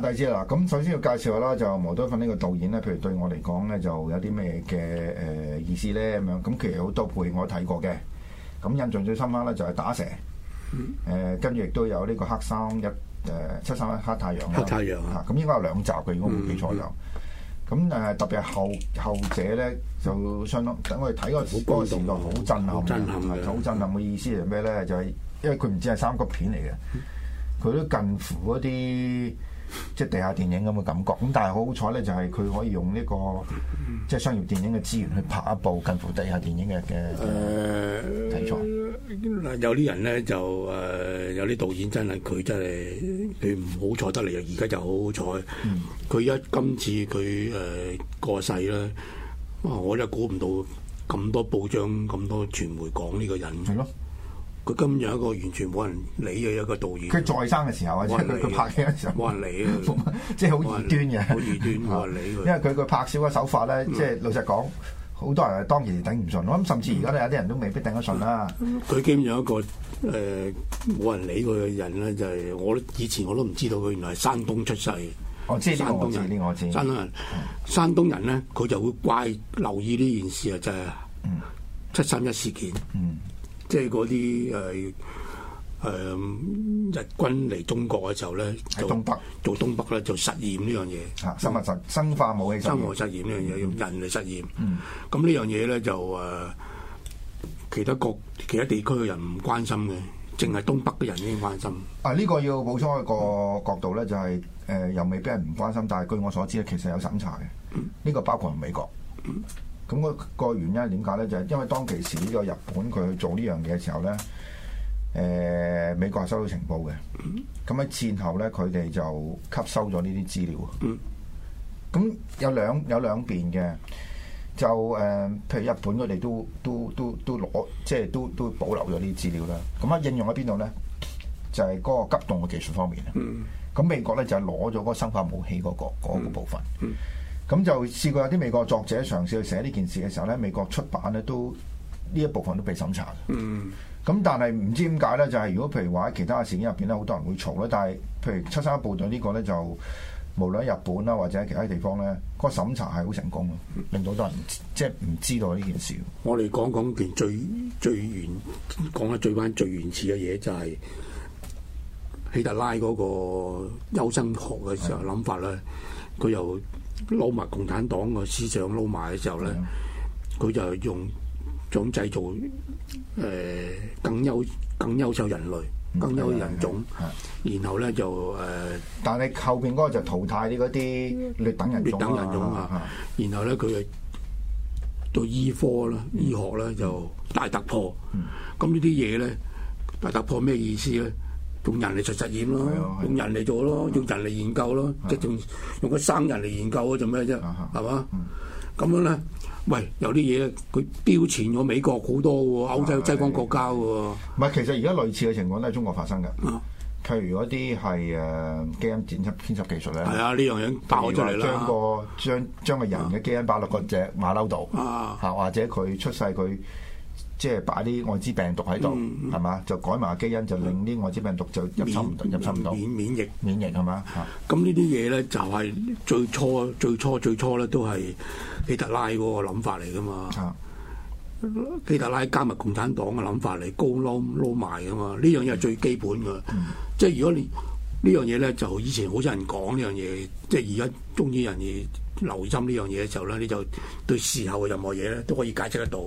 大二支啦，咁首先要介紹下啦，就牟敦芾呢個導演咧，譬如對我嚟講咧，就有啲咩嘅誒意思咧咁樣。咁其實好多配我睇過嘅，咁印象最深刻咧就係打蛇，誒跟住亦都有呢個黑三一誒七三一黑太陽啦。黑太陽啊！咁應該有兩集佢如果唔記錯有。咁誒特別係後後者咧，就相當等我哋睇個嗰個時代好震撼，好震撼嘅意思係咩咧？就係因為佢唔止係三級片嚟嘅，佢都近乎一啲，即係地下電影咁嘅感覺，咁但係好好彩咧，就係佢可以用呢、這個即係商業電影嘅資源去拍一部近乎地下電影嘅嘅、呃、題材。有啲人咧就誒、呃，有啲導演真係佢真係佢唔好彩得嚟，而家就好好彩，佢、嗯、一今次佢誒、呃、過世咧，哇，我就估唔到咁多報章咁、嗯、多傳媒講呢個人咯。佢今日一個完全冇人理嘅一個導演、啊。佢在生嘅時候或者佢拍劇嘅時候冇人理佢， 即係好異端嘅。好異端，冇人理佢。理 因為佢個拍攝嘅手法咧，嗯、即係老實講，好多人係當然頂唔順。我諗甚至而家都有啲人都未必頂得順啦、啊。佢、嗯、今日一個誒冇、呃、人理佢嘅人咧，就係、是、我以前我都唔知道佢原來係山東出世。我知，我知，我知，山東人。山東人咧，佢、嗯、就會怪留意呢件事啊！就係七三一事件。嗯嗯即係嗰啲誒誒日軍嚟中國嘅時候咧，喺東北做東北做東北咧就實驗呢樣嘢，生物實生化武器，生物實驗呢樣嘢用人嚟實驗。咁、嗯、呢樣嘢咧就誒、呃、其他國其他地區嘅人唔關心嘅，淨係東北嘅人先關心。啊，呢、這個要補充一個角度咧，就係、是、誒、呃、又未必人唔關心，但係據我所知咧，其實有審查嘅。呢個、嗯嗯、包括美國。咁個原因係點解咧？就係因為當其時呢個日本佢做呢樣嘢嘅時候咧，誒，美國係收到情報嘅。咁喺戰後咧，佢哋就吸收咗呢啲資料。咁有兩有兩邊嘅，就誒，譬如日本佢哋都都都都攞，即係都都保留咗呢啲資料啦。咁啊應用喺邊度咧？就係嗰個急凍嘅技術方面。咁美國咧就係攞咗嗰生化武器嗰個嗰個部分。嗯嗯咁就試過有啲美國作者嘗試去寫呢件事嘅時候咧，美國出版咧都呢一部分都被審查。嗯。咁但係唔知點解咧，就係、是、如果譬如話喺其他嘅事件入邊咧，好多人會嘈咧。但係譬如七三一部隊、這個、呢個咧，就無論喺日本啦，或者其他地方咧，嗰、那個審查係好成功嘅，令到多人即係唔知道呢件事。我哋講講件最最原講得最番最原始嘅嘢，就係希特拉嗰個優生學嘅時候諗法咧，佢又的。撈埋共產黨個思想撈埋嘅時候咧，佢、嗯、就用種製造誒、呃、更優更優秀人類、更優人種，嗯、然後咧就誒，呃、但係後邊嗰個就淘汰啲嗰啲劣等人種啊，劣等人種然後咧佢就，到醫科啦、醫學咧就大突破，咁、嗯、呢啲嘢咧大突破咩意思咧？用人嚟做實驗咯， 用人嚟做咯， 用人嚟研究咯， 即係用用個生人嚟研究，我做咩啫？係嘛？咁 樣咧，喂，有啲嘢佢標前咗美國好多，歐洲西，西方國家喎。唔係， 其實而家類似嘅情況都係中國發生㗎。譬如嗰啲係誒基因剪輯編輯技術咧。係 啊，呢樣嘢爆出嚟啦。將將個人嘅基因擺落個隻馬騮度啊，或者佢出世佢。即係擺啲外資病毒喺度，係嘛、嗯？就改埋基因，就令啲外資病毒就入侵唔到，入侵唔到。免免疫免疫係嘛？咁呢啲嘢咧就係、是、最初、最初、最初咧都係希特拉嗰個諗法嚟㗎嘛。啊、希特拉加埋共產黨嘅諗法嚟，高撈撈埋㗎嘛。呢樣嘢係最基本㗎。嗯、即係如果你樣呢樣嘢咧，就以前好多人講呢樣嘢，即係而家中意人哋。留心呢樣嘢嘅時候咧，你就對事後嘅任何嘢咧都可以解釋得到。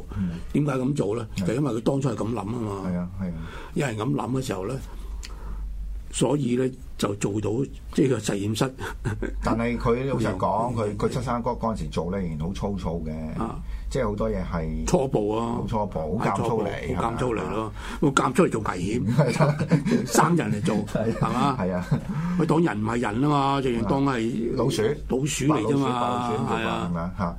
點解咁做咧？是的 就因為佢當初係咁諗啊嘛。係啊係啊，因為咁諗嘅時候咧。所以咧就做到即係個實驗室，但係佢老實講，佢佢七三哥嗰陣時做咧，仍然好粗糙嘅，即係好多嘢係初步啊，冇初步，好監粗嚟，好監粗嚟咯，我監出嚟做危險，三人嚟做，係嘛，佢當人唔係人啊嘛，仲要當係老鼠，老鼠嚟啫嘛，白老鼠，白老吓，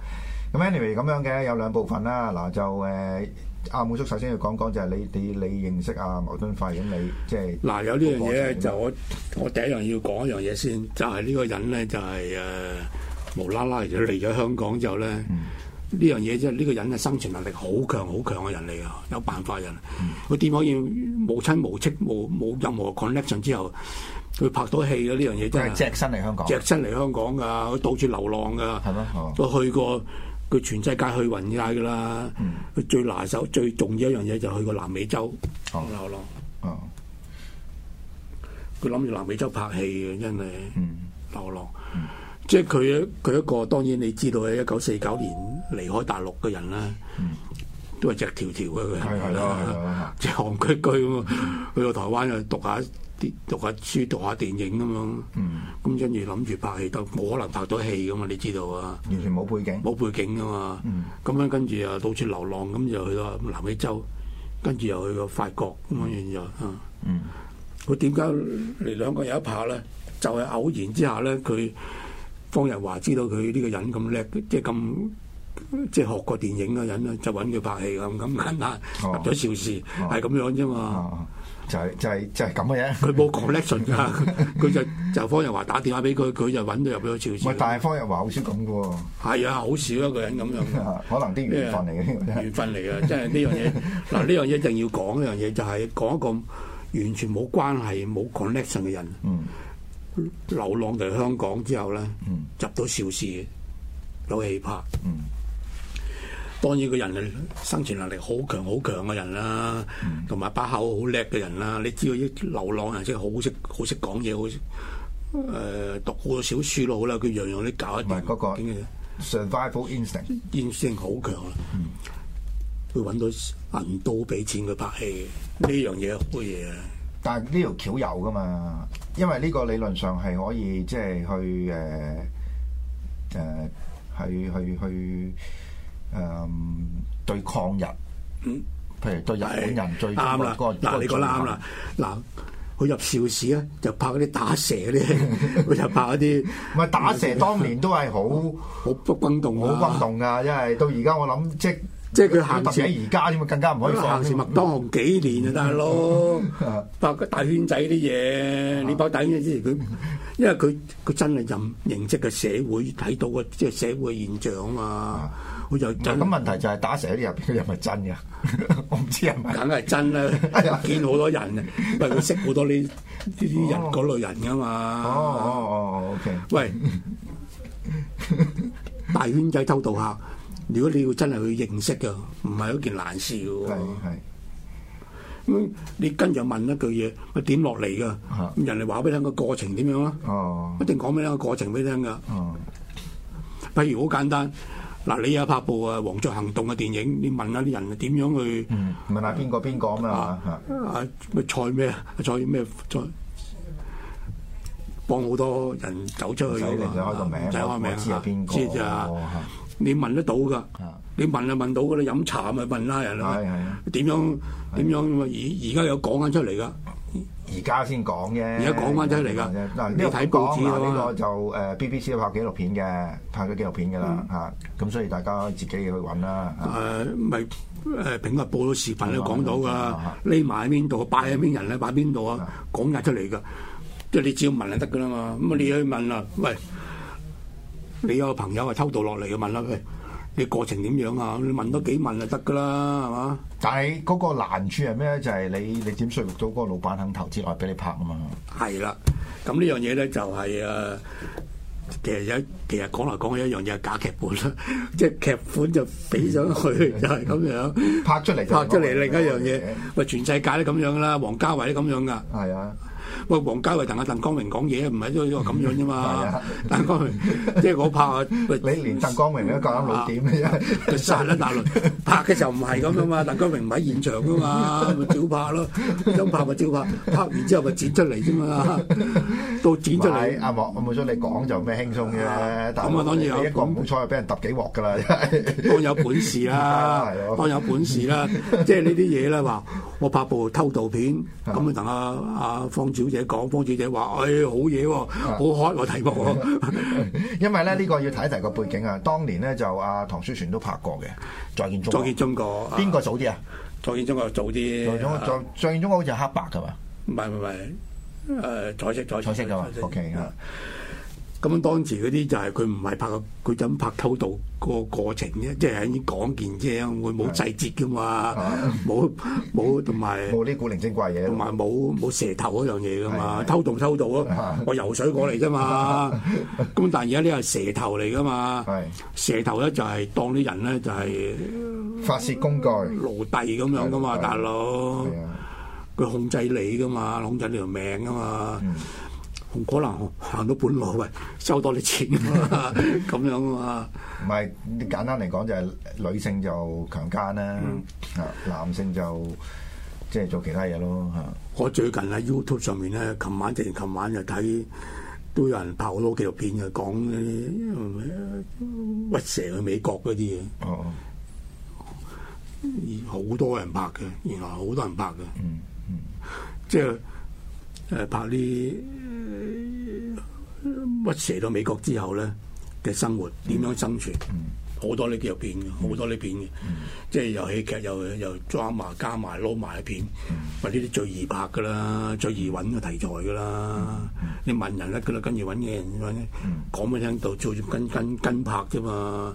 咁 anyway 咁樣嘅，有兩部分啦，嗱就誒。阿滿叔首先要講講就係你你你，你認識阿牟敦芾，咁你即係嗱，有呢樣嘢咧，就我我第一樣要講一樣嘢先，就係呢個人咧，就係誒無啦啦嚟咗香港之後咧，呢樣嘢即係呢個人嘅生存能力好強好強嘅人嚟啊，有辦法人，佢點可以無親無戚，冇冇任何 connection 之後佢拍到戲嘅？呢樣嘢真係隻身嚟香港，隻身嚟香港噶，佢到處流浪噶。係咯，佢、oh. 去過。佢全世界去勻晒㗎啦，佢、嗯、最拿手最重要一樣嘢就去過南美洲。流浪、哦，佢諗住南美洲拍戲嘅，真係流浪。即係佢佢一個當然你知道喺一九四九年離開大陸嘅人啦，嗯、都係直條條嘅佢，係咯，即係戇居居咁去到台灣又讀下，啲讀下書、讀下電影咁樣，咁跟住諗住拍戲都冇可能拍到戲噶嘛？你知道啊？完全冇背景，冇背景噶嘛？咁樣跟住啊，到處流浪咁就去到南美洲，跟住又去到法國咁樣然咗、嗯、啊？嗯，佢點解你兩個人一拍咧？就係、是、偶然之下咧，佢方日華知道佢呢個人咁叻，即係咁即係學過電影嘅人就揾佢拍戲咁咁簡單，入咗邵氏係咁、哦、樣啫嘛。哦就係、是、就係、是、就係咁嘅嘢？佢冇 connection 噶，佢 就就方逸華打電話俾佢，佢就揾到入咗邵氏。唔係，但係方逸華好少咁嘅喎。係啊，好少一個人咁樣， 可能啲緣分嚟嘅，麼緣分嚟啊！ 真係呢樣嘢嗱，呢樣嘢一定要講呢樣嘢，就係、是、講一個完全冇關係、冇 connection 嘅人，嗯，流浪嚟香港之後咧，嗯，入到邵氏有氣魄，嗯。當然，個人係生存能力好強、好強嘅人啦，同埋把口好叻嘅人啦。你知道啲流浪人即係好識、好識講嘢，好誒、呃、讀好多小書都好咯。佢樣樣都搞。唔係嗰個咩？Survival instinct，好強啊！嗯，會揾到銀刀俾錢佢拍戲。呢樣嘢好嘢啊！但係呢條橋有噶嘛？因為呢個理論上係可以即係去誒誒去去去。呃呃去去去去誒，對抗日，譬如對日本人，最啱個嗱，你講得啱啦，嗱，佢入邵氏咧就拍嗰啲打蛇啲，佢就拍嗰啲，唔係打蛇當年都係好好轟動，好轟動噶，因為到而家我諗即即佢行市喺而家添啊，更加唔可以放，行市麥當雄幾年啊得咯，拍個大圈仔啲嘢，你拍大圈仔之前佢，因為佢佢真係任認識嘅社會睇到嘅即係社會現象啊。我就咁、那個、問題就係打蛇喺入邊，又咪真嘅？ 我唔知係咪。梗係真啦，見好多人， 因為識好多呢啲人嗰、oh. 類人噶嘛。哦哦哦，OK。 喂，大圈仔偷渡客，如果你要真係去認識嘅，唔係一件難事嘅。係係。咁你跟住問一句嘢，我點落嚟㗎？嚇！Oh. 人哋話俾你聽個過程點樣啊？哦，oh. 一定講俾你聽個過程俾你聽㗎。哦，譬如好簡單。嗱，你有一拍部啊《黃雀行動》嘅電影，你問下啲人點樣去？嗯，問下邊個邊個咁啊？啊，啊，蔡咩啊？蔡咩？蔡幫好多人走出去嘅，睇開個名，睇開名，知啊？你問得到㗎？你問就問到㗎啦，飲茶咪問下人啦，點樣點樣啊？而而家有講緊出嚟㗎。而家先講嘅，而家講翻出嚟㗎。嗱，呢個睇報紙啊，呢、這個就誒 BBC 拍紀錄片嘅，拍咗紀錄片㗎啦嚇。咁、嗯、所以大家自己去揾啦。誒咪誒平日播咗視頻都講到㗎，匿埋喺邊度，拜喺邊人咧，擺邊度啊，講晒出嚟㗎。嗯、即係你只要問就得㗎啦嘛。咁啊，你去問啦。喂，你有個朋友係偷渡落嚟嘅，問啦佢。你過程點樣啊？你問多幾問就得噶啦，係嘛？但係嗰個難處係咩咧？就係、是、你你點説服到嗰個老闆肯投資來俾你拍啊嘛？係啦，咁呢樣嘢咧就係、是、誒，其實一其實講嚟講去一樣嘢係假劇本啦，即 係劇本就俾咗去就係咁樣 拍出嚟， 拍出嚟 另一樣嘢。喂， 全世界都咁樣㗎啦，王家衛都咁樣㗎。係啊。喂，王家衞同阿鄧光榮講嘢啊，唔係因為咁樣啫嘛。鄧光榮即係我拍啊，你連鄧光榮都夠膽老點，真係就散啦，大倫拍嘅時候唔係咁噶嘛，鄧光榮唔喺現場噶嘛，咪照拍咯，想拍咪照拍，拍完之後咪剪出嚟啫嘛，都剪出嚟。阿莫，冇錯，你講就咩輕鬆啫。咁啊，當然有。咁好彩，俾人揼幾鑊噶啦，當有本事啦，當有本事啦。即係呢啲嘢咧，話我拍部偷渡片，咁啊，咪同阿阿方。小姐講，幫小姐話：，誒好嘢喎，好開喎、哦啊哦、題目、哦。 因為咧呢個要睇第二個背景啊。當年咧就阿、啊、唐書璇都拍過嘅《再見中國》中國，早啊《再見中國》邊個早啲啊？《再見中國》早啲。再見中國再見中國》好似係黑白㗎嘛？唔係唔係誒彩色彩色㗎嘛？O K 啊。啊。咁樣當時嗰啲就係佢唔係拍，佢就拍偷渡個過程啫，即係喺啲講件啫，會冇細節噶嘛，冇冇同埋冇啲古靈精怪嘢，同埋冇冇蛇頭嗰樣嘢噶嘛，偷渡偷渡，咯，我游水過嚟啫嘛。咁但係而家呢個係蛇頭嚟噶嘛，蛇頭咧就係當啲人咧就係發泄工具奴隸咁樣噶嘛，大佬佢控制你噶嘛，控制你條命噶嘛。.可能行到半路喂，收多啲錢咁 樣啊？唔係，簡單嚟講就係女性就強奸啦，啊，嗯、男性就即係、就係、做其他嘢咯，吓。我最近喺 YouTube 上面咧，琴晚定琴晚就睇，都有人拍好多紀錄片嘅，講呢啲屈蛇去美國嗰啲嘢。哦，哦，好多人拍嘅，原來好多人拍嘅、嗯。嗯嗯，即係誒拍啲。屈蛇到美國之後咧嘅生活點樣生存？好、mm hmm. 多呢啲入片嘅，好多呢啲片嘅，mm hmm. 即係又喜劇又又 drama 加埋撈埋片，或者啲最易拍嘅啦，最易揾嘅題材嘅啦，mm hmm. 你問人得嘅啦，跟住揾嘢人揾，mm hmm. 講乜聽到，做住跟跟跟拍啫嘛，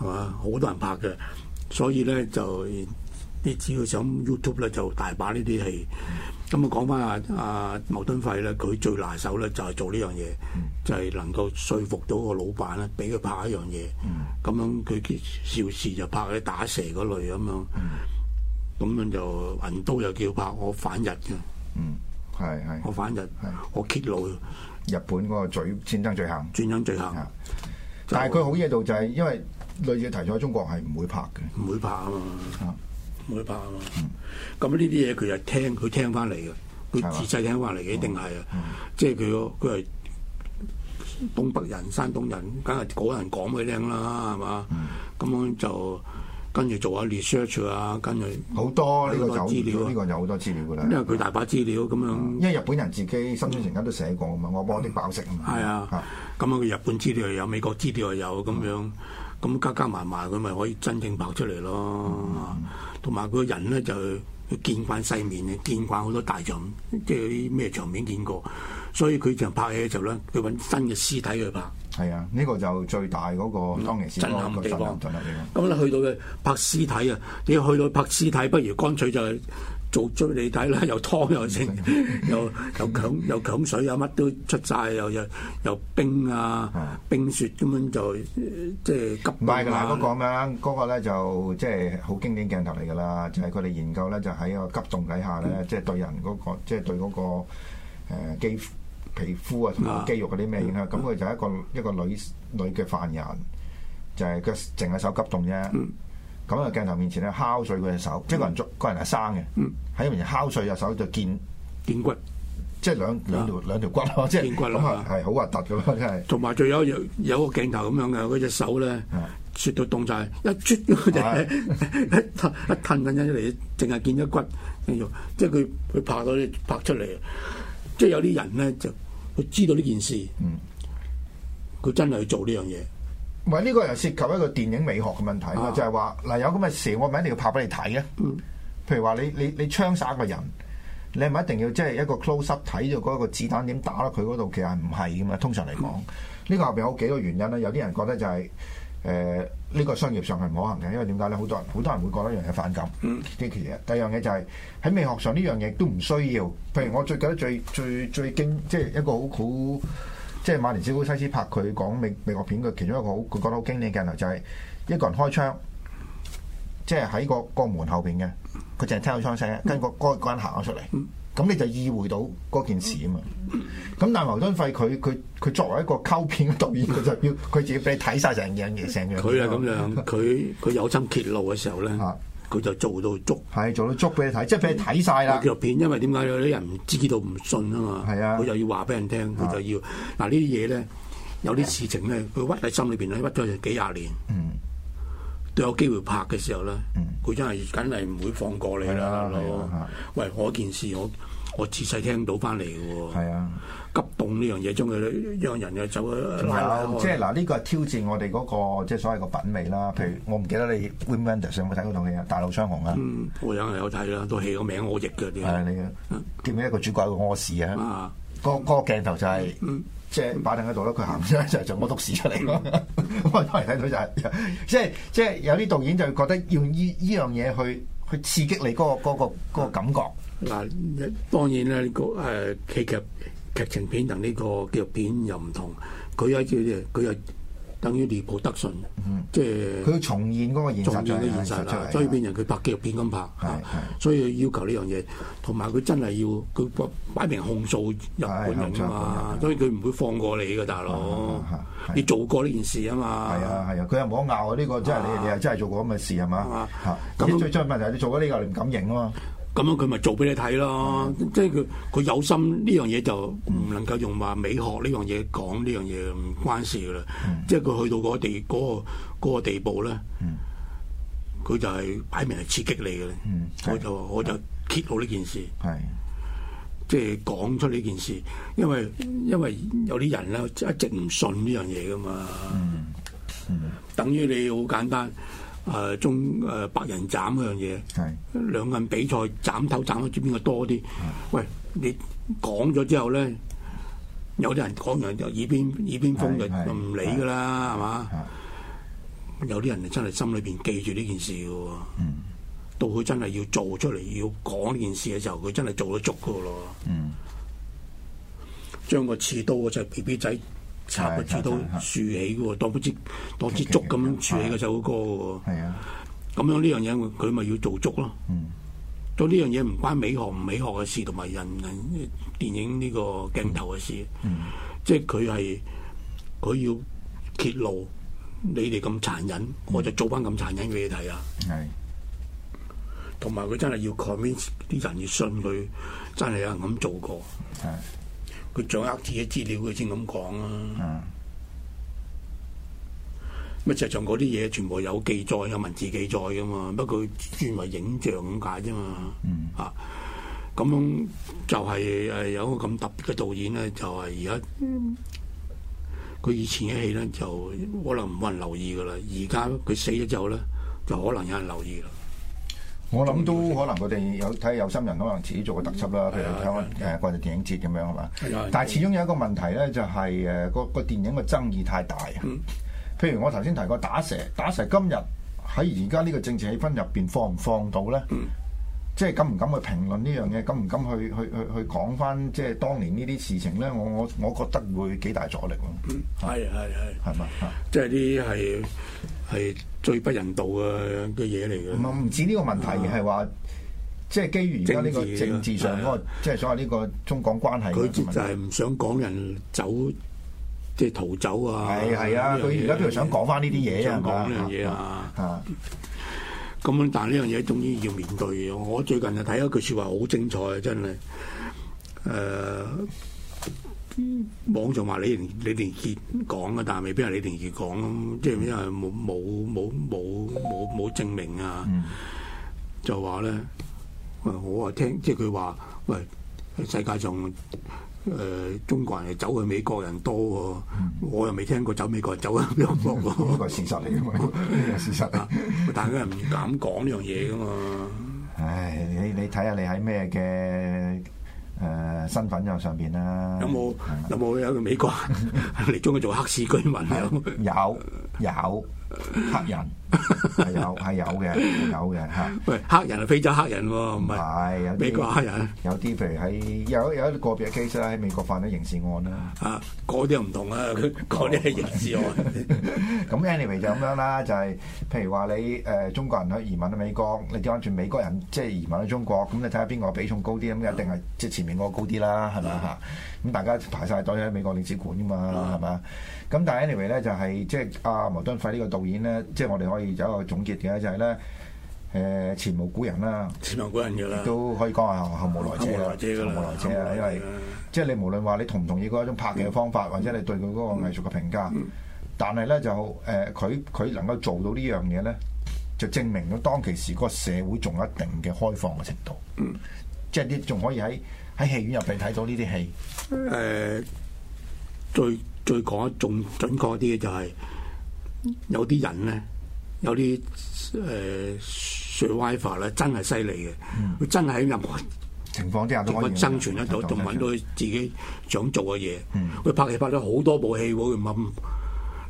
係嘛、mm？好、hmm. 多人拍嘅，所以咧就你只要上 YouTube 咧就大把呢啲戲。咁啊，講翻阿阿茅敦費咧，佢最拿手咧就係做呢樣嘢，就係、是嗯、能夠說服到個老闆咧，俾佢拍一樣嘢。咁樣佢少時就拍啲打蛇嗰類咁樣，咁、嗯、樣就銀刀又叫拍我反日嘅。嗯，係係，我反日，我揭露日本嗰個罪戰爭罪行。戰爭罪行。是就但係佢好嘢度就係，因為類似題材，中國係唔會拍嘅。唔會拍啊嘛。嗯我拍啊嘛，咁呢啲嘢佢就聽，佢聽翻嚟嘅，佢自細聽翻嚟嘅，一定係啊，以即係佢佢係東北人、山東人，梗係嗰人講俾你聽啦，係嘛？咁樣、嗯、就跟住做下 research 啊，跟住好多呢個資料，呢個有好多資料㗎啦。因為佢大把資料咁樣，因為日本人自己心專成緊都寫過啊嘛，我幫啲飽食啊嘛。係啊，咁樣日本資料又有，美國資料又有，咁樣的。咁加加埋埋佢咪可以真正拍出嚟咯。同埋佢個人咧就見慣世面，見慣好多大場，即係啲咩場面見過，所以佢就拍戲嘅時候咧佢揾新嘅屍體去拍。係啊，呢、這個就最大嗰、那個當然震撼、震、嗯、地方。咁咧、嗯、去到嘅拍屍體啊，你去到拍屍體，不如乾脆就係、是。做出嚟睇啦，又湯又剩，又又強又強水啊！乜都出晒，又又又冰啊，冰雪咁樣就即係急凍啦。唔係㗎啦，嗰個咁樣嗰個咧就即係好經典鏡頭嚟㗎啦，就係佢哋研究咧就喺個急凍底下咧，即係對人嗰個即係對嗰個誒肌皮膚啊同肌肉嗰啲咩影響。咁佢就係一個一個女女嘅犯人，就係佢淨係手急凍啫。咁喺鏡頭面前咧，敲碎佢隻手，嗯、即係個人捉，個人係生嘅，喺面敲碎隻手就見見骨，即係兩兩條、啊、兩條骨咯，即係見骨咯，係好核突嘅咯，真係。同埋仲有還有個鏡頭咁樣嘅，嗰隻手咧，雪到凍晒，一捽佢就一一吞緊吞出嚟，淨係見咗骨，即係佢佢拍到拍出嚟。即係有啲人咧就佢知道呢件事，佢、嗯、 真係去做呢樣嘢。唔係呢個又涉及一個電影美學嘅問題、啊、就係話嗱有咁嘅事，我咪一定要拍俾你睇嘅。嗯、譬如話你你你槍殺一個人，你係咪一定要即係一個 close up 睇到嗰個子彈點打落佢嗰度？其實唔係嘅嘛，通常嚟講，呢、這個後邊有幾個原因咧。有啲人覺得就係誒呢個商業上係唔可行嘅，因為點解咧？好多人好多人會覺得樣嘢反感。第二樣嘢就係、是、喺美學上呢樣嘢都唔需要。譬如我最近最最最經即係一個好好。即係馬連小古西斯拍佢講美美國片，佢其中一個好佢覺得好經典嘅鏡頭就係一個人開槍，即係喺個個門後邊嘅，佢淨係聽到槍聲，嗯、跟住嗰嗰人行咗出嚟，咁、嗯、你就意會到嗰件事啊嘛。咁但係牟敦芾佢佢佢作為一個溝片導演，佢就要佢就要俾你睇晒成樣嘢成樣。佢係咁樣，佢佢有心揭露嘅時候咧。 佢就做到足，係做到足俾你睇，即係俾你睇晒啦。紀錄片，因為點解有啲人唔知道唔信啊嘛，係啊，佢就要話俾人聽，佢就要嗱、啊啊、呢啲嘢咧，有啲事情咧，佢屈喺心裏邊咧，屈咗幾廿年，嗯，都有機會拍嘅時候咧，佢、嗯、真係梗係唔會放過你啦，啊啊啊、喂，我一件事我。我自細聽到翻嚟嘅喎，係啊，急凍呢樣嘢將佢將人嘅走，係即係嗱，呢個係挑戰我哋嗰個即係所謂嘅品味啦。譬如我唔記得你《Wim Wenders 有冇睇嗰套戲啊，《大路槍王》啊，我有有睇啦，套戲個名我譯嘅啲，係啊，你記唔記得個主角屙屎啊？啊，個個鏡頭就係即係擺定喺度咯，佢行出嚟就就屙篤屎出嚟咯。我當時睇到就係即係即係有啲導演就覺得要依依樣嘢去。去刺激你嗰、嗰個嗰、嗰個嗰個、感覺。嗱、啊，當然咧，呢、呢個誒、呃、劇劇劇情片同呢、呢個紀錄片又唔同，佢係叫咩？佢係。等於彌補德順，即係佢重現嗰個現實啦，所以變人佢拍紀錄片咁拍，所以要求呢樣嘢，同埋佢真係要佢擺明控訴日本人啊嘛，所以佢唔會放過你嘅大佬。你做過呢件事啊嘛，係啊係啊，佢又唔好拗啊，呢個真係你你又真係做過咁嘅事係嘛？咁最出嘅問題係你做過呢個你唔敢認啊嘛。咁樣佢咪做俾你睇咯，mm. 即係佢佢有心呢樣嘢，就唔能夠用話美學呢樣嘢，講呢樣嘢唔關事噶啦，mm. 即係佢去到嗰地嗰、嗰個嗰個地步咧，佢、mm. 就係擺明係刺激你嘅，我就我就揭露呢件事，係即係講出呢件事，因為因為有啲人咧一直唔信呢樣嘢噶嘛，mm. Mm. Mm. 等於你好簡單。誒中誒白人斬嗰樣嘢，兩個人比賽斬頭斬到知邊個多啲。喂，你講咗之後咧，有啲人講完耳邊耳邊風就唔理㗎啦，係嘛？有啲人真係心裏邊記住呢件事喎。到佢真係要做出嚟要講呢件事嘅時候，佢真係做得足㗎咯。嗯，將個刺刀就係 BB 仔。插個柱都豎起嘅喎，當好似支竹咁樣豎起嗰首歌嘅喎。係啊的，咁樣呢樣嘢佢咪要做竹咯？做呢樣嘢唔關美學唔美學嘅事，同埋人、人電影呢個鏡頭嘅事。嗯、即係佢係佢要揭露你哋咁殘忍，我就、嗯、做翻咁殘忍嘅嘢睇啊！係的。同埋佢真係要 convince 啲人要信佢真係有人咁做過。係。佢掌握自己資料，佢先咁講啊。咁就、嗯、實像嗰啲嘢，全部有記載，有文字記載噶嘛。不過轉為影像咁解啫嘛。嗯、啊，咁就係、是、誒、呃、有個咁特別嘅導演咧，就係而家。佢、嗯、以前嘅戲咧，就可能冇人留意噶啦。而家佢死咗之後咧，就可能有人留意啦。我諗都，都可能佢哋有睇下，有心人可能自己做個特輯啦，譬如睇誒國際電影節咁樣，係嘛。但係始終有一個問題咧，就係誒個個電影嘅爭議太大啊。譬如我頭先提過打蛇，打蛇今日喺而家呢個政治氣氛入邊放唔放到咧？嗯即係敢唔敢去評論呢樣嘢？敢唔敢去去去去去講翻即係當年呢啲事情咧？我我我覺得會幾大阻力咯。嗯，係係係，係嘛？即係啲係係最不人道嘅嘅嘢嚟嘅。唔係唔止呢個問題，係話吧即係基於而家呢個政治上嗰、嗰個啊，即係所謂呢個中港關係嘅問題。佢就係唔想港人走，即係逃走啊！係係啊！佢而家都係想講翻呢啲嘢啊！講呢啲嘢啊！啊！咁樣，但係呢樣嘢終於要面對。我最近就睇一句説話好精彩，真係誒、呃、網上話李連李連杰講嘅，但係未必係李連杰講，即係因為冇冇冇冇冇冇證明啊。嗯、就話咧，我啊聽即係佢話，喂，世界上……」誒、呃、中國人係走去美國人多喎，嗯、我又未聽過走美國人走嘅比較多喎，呢個 事實嚟嘅嘛，事實啊，但係啲人唔敢講呢樣嘢嘅嘛。唉，你你睇下你喺咩嘅誒身份上上邊啦？有冇有冇 有，有個美國人嚟中意做黑市居民啊？ 有 有黑人。係有，係有嘅，有嘅吓。喂，黑人係非洲黑人喎，唔係是，美國有有些黑人，有啲譬如喺有有一個別嘅 case 啦，喺美國犯咗刑事案啦。嗰啲又唔同啦，嗰啲係刑事案。咁、啊、anyway 就咁樣啦，就係、是、譬如話你誒、呃、中國人去移民去美國，你掉轉美國人，即係、就是、移民去中國？咁你睇下邊個比重高啲咁，一定係即係前面嗰個高啲啦，係咪啊？咁大家排晒隊喺美國領事館噶嘛，係咪？咁但係 anyway 咧就係即係阿牟敦芾呢個導演咧，即、就、係、是、我哋可以有一個總結嘅就係咧，誒前無古人啦，前無古人嘅啦，亦都可以講下後後無來者，後無來者，因為即係你無論話你同唔同意嗰一種拍戲嘅方法，或者你對佢嗰個藝術嘅評價，但係咧就誒佢佢能夠做到呢樣嘢咧，就證明咗當其時個社會仲有一定嘅開放嘅程度，即係啲仲可以喺喺戲院入邊睇到呢啲戲。誒，最最講一仲準確啲嘅就係有啲人咧。有啲誒 survivor 咧，呃、or, 真係犀利嘅。佢、嗯、真係喺任何情況之下都可以生存得到，仲揾到佢自己想做嘅嘢。佢、嗯、拍戲拍咗好多部戲喎。佢問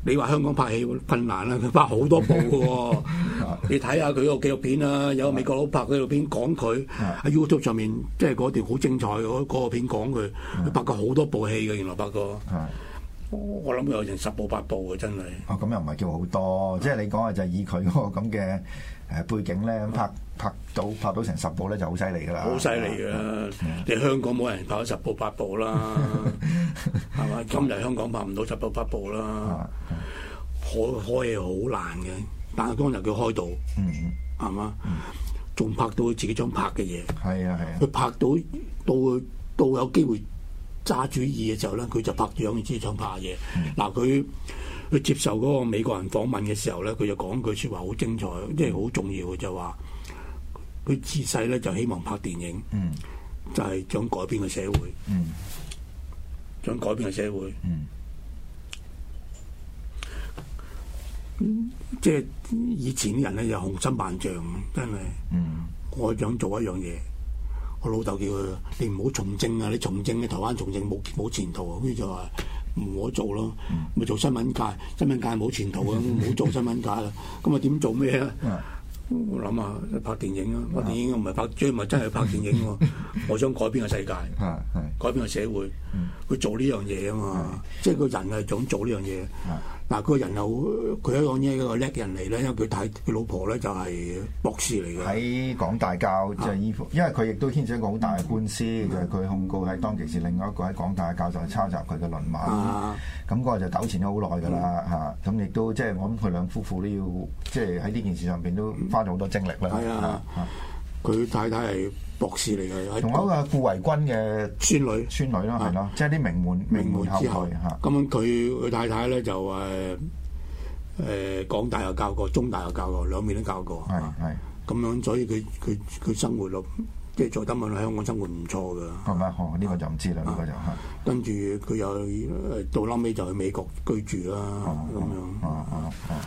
你話香港拍戲困難啦，佢拍好多部嘅。嗯、你睇下佢個紀錄片啦， 有個美國佬拍嘅紀錄片講佢喺、嗯、YouTube 上面，即係嗰條好精彩嗰、嗰個片講佢，佢拍過好多部戲嘅原來拍過。嗯嗯。我我諗有成十部八部啊，真係。哦，咁又唔係叫好多，即係你講啊，就以佢嗰個咁嘅誒背景咧，拍拍到拍到成十部咧，就好犀利噶啦。好犀利噶，你香港冇人拍到十部八部啦，係嘛？今日香港拍唔到十部八部啦。開開係好難嘅，但係當日佢開到，係嘛？仲拍到佢自己想拍嘅嘢。係啊係啊。佢拍到到到有機會。揸主意嘅時候咧，佢就拍樣，佢只想拍嘢。嗱、嗯，佢佢接受嗰個美國人訪問嘅時候咧，佢就講句説話好精彩，即係好重要嘅，就話佢自細咧就希望拍電影，嗯、就係想改變個社會，嗯、想改變個社會。嗯，即係以前啲人咧就雄心萬丈，真係。嗯，我想做一樣嘢。我老豆叫佢：你唔好從政啊！你從政嘅、啊、台灣從政冇冇前途啊！跟住就話唔好做咯，咪做新聞界，新聞界冇前途啊！唔好做新聞界啦，咁啊點做咩啊？ 我諗下，拍電影咯、啊，拍電影我唔係拍，最咪真係拍電影、啊、 我想改變個世界，改變個社會，佢做呢樣嘢啊嘛，即係個人係想做呢樣嘢。 嗱，佢、啊這個、人又佢喺我嘢一個叻人嚟咧，因為佢睇佢老婆咧就係、是、博士嚟嘅喺港大教即係衣服，因為佢亦都牽涉一個好大嘅官司，佢佢、嗯、控告喺當其時另外一個喺港大教就係抄襲佢嘅論文，咁嗰個就糾纏咗好耐㗎啦嚇，咁亦都即係、就是、我諗佢兩夫婦都要即係喺呢件事上邊都花咗好多精力啦。佢太太係博士嚟嘅，同一個傅維軍嘅孫女，孫女咯，係咯，即係啲名門名門之後嚇。咁樣佢佢太太咧就誒誒港大又教過，中大又教過，兩面都教過。係係咁樣，所以佢佢佢生活咯，即係在今日香港生活唔錯嘅。係咪？呢個就唔知啦，呢個就跟住佢又到後尾就去美國居住啦。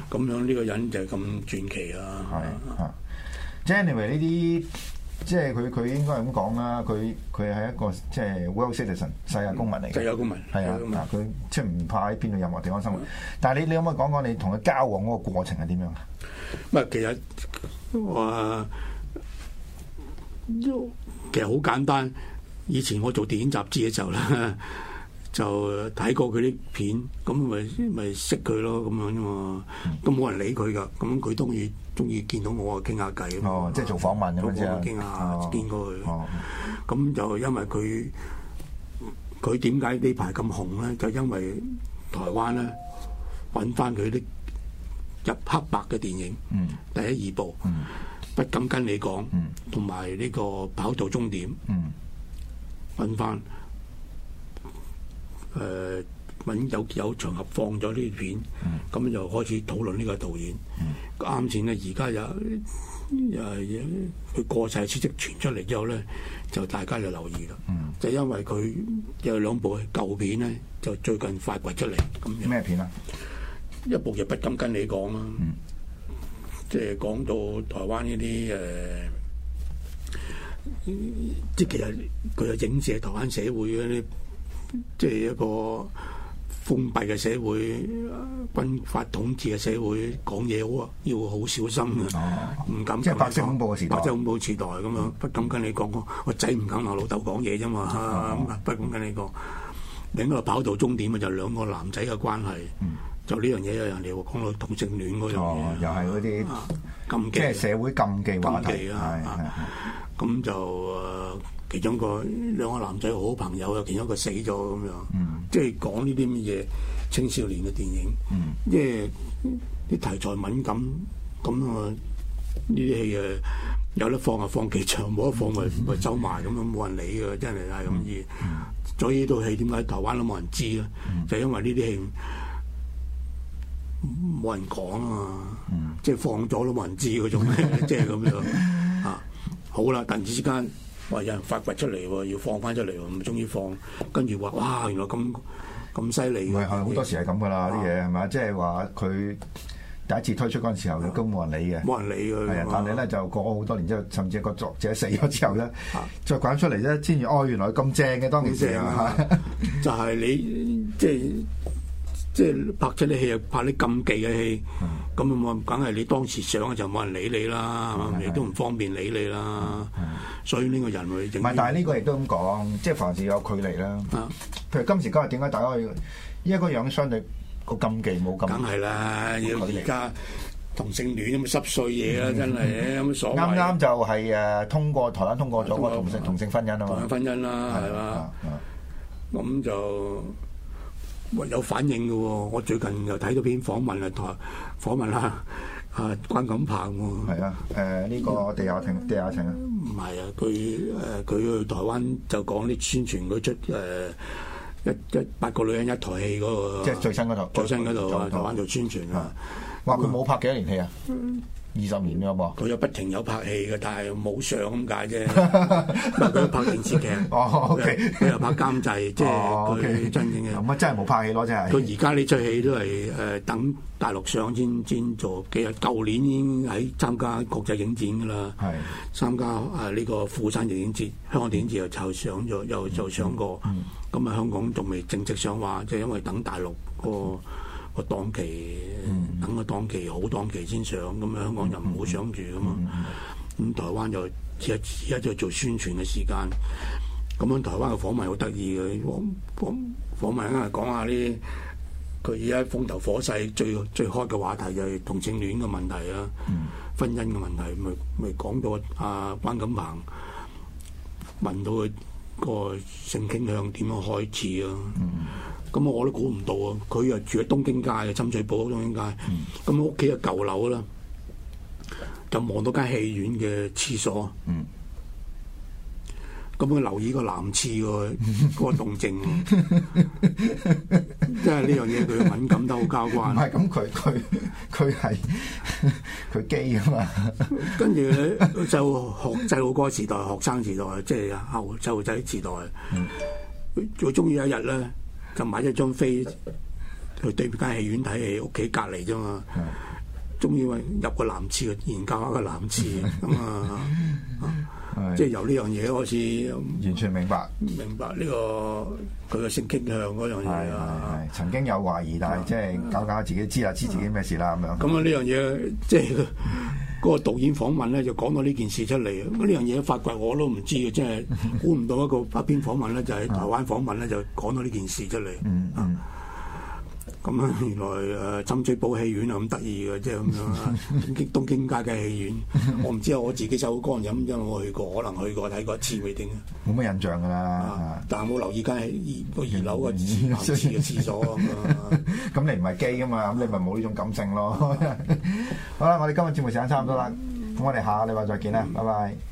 咁樣咁樣呢個人就係咁傳奇啦。係 Janny 呢啲，即係佢佢應該係咁講啦，佢佢係一個即係 world citizen 世界公民嚟嘅，世界公民係啊，佢即係唔怕喺邊度任何地方生活。的但係你你可唔可以講講你同佢交往嗰個過程係點樣？唔係其實話、呃，其實好簡單。以前我做電影雜誌嘅時候咧， 就睇過佢啲片，咁咪咪識佢咯，咁樣啫嘛。都冇人理佢噶，咁佢當然。中意見到我聊聊、oh, 啊，傾下偈咯，即係做訪問咁樣傾下，聊聊 oh. 見過佢。咁、oh. 就因為佢佢點解呢排咁紅咧？就因為台灣咧揾翻佢啲入黑白嘅電影，mm. 第一二部，mm. 不敢跟你講，同埋呢個跑道終點揾翻誒。Mm. 有有場合放咗呢啲片，咁、嗯、就開始討論呢個導演。啱先咧，而家有又係佢過世嘅消息傳出嚟之後咧，就大家就留意啦。嗯、就因為佢有兩部舊片咧，就最近發掘出嚟。咁咩片啊？一部亦不敢跟你講啊。嗯、即係講到台灣呢啲誒，即係其實佢又影射台灣社會嗰啲，即係一個。封閉嘅社會，軍法統治嘅社會，講嘢好啊，要好小心嘅，唔敢、哦、即係白色恐怖嘅時代。白色恐怖時代咁樣，嗯、不敢跟你講講。個仔唔敢同老豆講嘢啫嘛，咁啊，不敢跟你講。應該跑道終點啊，就兩個男仔嘅關係，嗯、就呢樣嘢有人哋話講到同性戀嗰樣嘢，又係嗰啲即係社會禁忌話題啊，咁就。 其中個兩個男仔好朋友啊，其中一個死咗咁樣，即係講呢啲乜嘢青少年嘅電影，即係啲題材敏感，咁啊呢啲戲啊有得放就放幾場，冇得放咪咪收埋咁樣，冇人理㗎真係係咁意。所以呢套戲點解台灣都冇人知咧？就因為呢啲戲冇人講啊嘛，即係放咗都冇人知嗰種，即係咁樣啊。 好啦，突然之間。話有人發掘出嚟，要放翻出嚟，唔中意放，跟住話哇，原來咁咁犀利。係好多時係咁噶啦啲嘢，係咪即係話佢第一次推出嗰陣時候，都冇人理嘅。冇人理佢。係啊，但係咧就過咗好多年之後，甚至個作者死咗之後咧，啊、再講出嚟咧，先至哦，原來咁正嘅，當其時，咁正啊！啊 就係你即係即係拍出啲戲啊，拍啲禁忌嘅戲。嗯咁啊，梗係你當時想嘅就冇人理你啦，你都唔方便理你啦。所以呢個人會整唔係，但係呢個亦都咁講，即係凡事有距離啦。啊，譬如今時今日點解大家可以？因為個樣相對個禁忌冇咁，梗係啦，要距離㗎。而家同性戀咁濕碎嘢啦，真係，有咩所謂？啱啱就係誒通過台灣通過咗個同性同性婚姻啊嘛，同性婚姻啦，係嘛？咁就。有反應嘅喎，我最近又睇到篇訪問啊，台訪問啊，啊關錦鵬喎。係啊，誒呢個地下情，地下情啊。唔係啊，佢誒佢去台灣就講啲宣傳嗰出，誒一一八個女人一台戲嗰個。即係最新嗰套。最新嗰套，台灣做宣傳啊，話佢冇拍幾多年戲啊。二十年啦嘛，佢又不停有拍戲嘅，但係冇上咁解啫。佢 拍電視劇，佢、 oh, okay. 又拍監製，即係佢真正嘅。咁啊，真係冇拍戲咯，真係。佢而家呢出戲都係誒、呃、等大陸上先先做嘅。其實舊年已經喺參加國際影展㗎啦，是參加誒呢、呃這個釜山影影節、香港電影節又就上咗又、mm hmm. 又上過。咁啊，香港仲未正式上話，即係因為等大陸個。Okay. 個檔期，等個檔期好檔期先上咁樣，香港就唔好想住咁啊！咁台灣就而家而家就做宣傳嘅時間。咁樣台灣嘅訪問好得意嘅，訪訪訪問啱係講下呢，佢而家風頭火勢最最開嘅話題就係同性戀嘅問題啊，婚姻嘅問題，咪咪講到阿、啊、關錦鵬問到佢。個性傾向點樣開始啊？咁、嗯、我都估唔到啊！佢又住喺東京街嘅深水埗東京街，咁屋企又舊樓啦，就望到間戲院嘅廁所。嗯咁佢留意個男廁喎，嗰個動靜，即係呢樣嘢佢敏感得好交關。唔係，咁佢佢佢係佢基嘅嘛。跟住佢就學，就嗰個時代，學生時代，即係後就仔時代。最中意有一日咧，就買咗張飛去對面間戲院睇戲，屋企隔籬啫嘛。中意入個男廁，研究下個男廁咁啊。 即係由呢樣嘢開始，完全明白、啊，明白呢個佢嘅性傾向嗰樣嘢啊！曾經有懷疑，但係即係搞搞自己知啊，知自己咩事啦咁 樣。咁啊，呢樣嘢即係嗰個導演訪問咧，就講到呢件事出嚟。咁呢樣嘢發掘我都唔知，即係估唔到一個一篇訪問咧，就喺、是、台灣訪問咧，就講到呢件事出嚟。嗯。咁啦，原來誒深水埗戲院啊，咁得意嘅，即係咁樣啦。東京街嘅戲院，我唔知啊，我自己首過幹飲，因為我去過，可能去過睇過一次未定。冇乜印象噶啦， 但係冇留意 間喺二個二樓個廁廁嘅廁所咁啊。咁你唔係基噶嘛？咁你咪冇呢種感性咯。好啦，我哋今日節目時間差唔多啦，咁我哋下個禮拜再見啦，拜拜。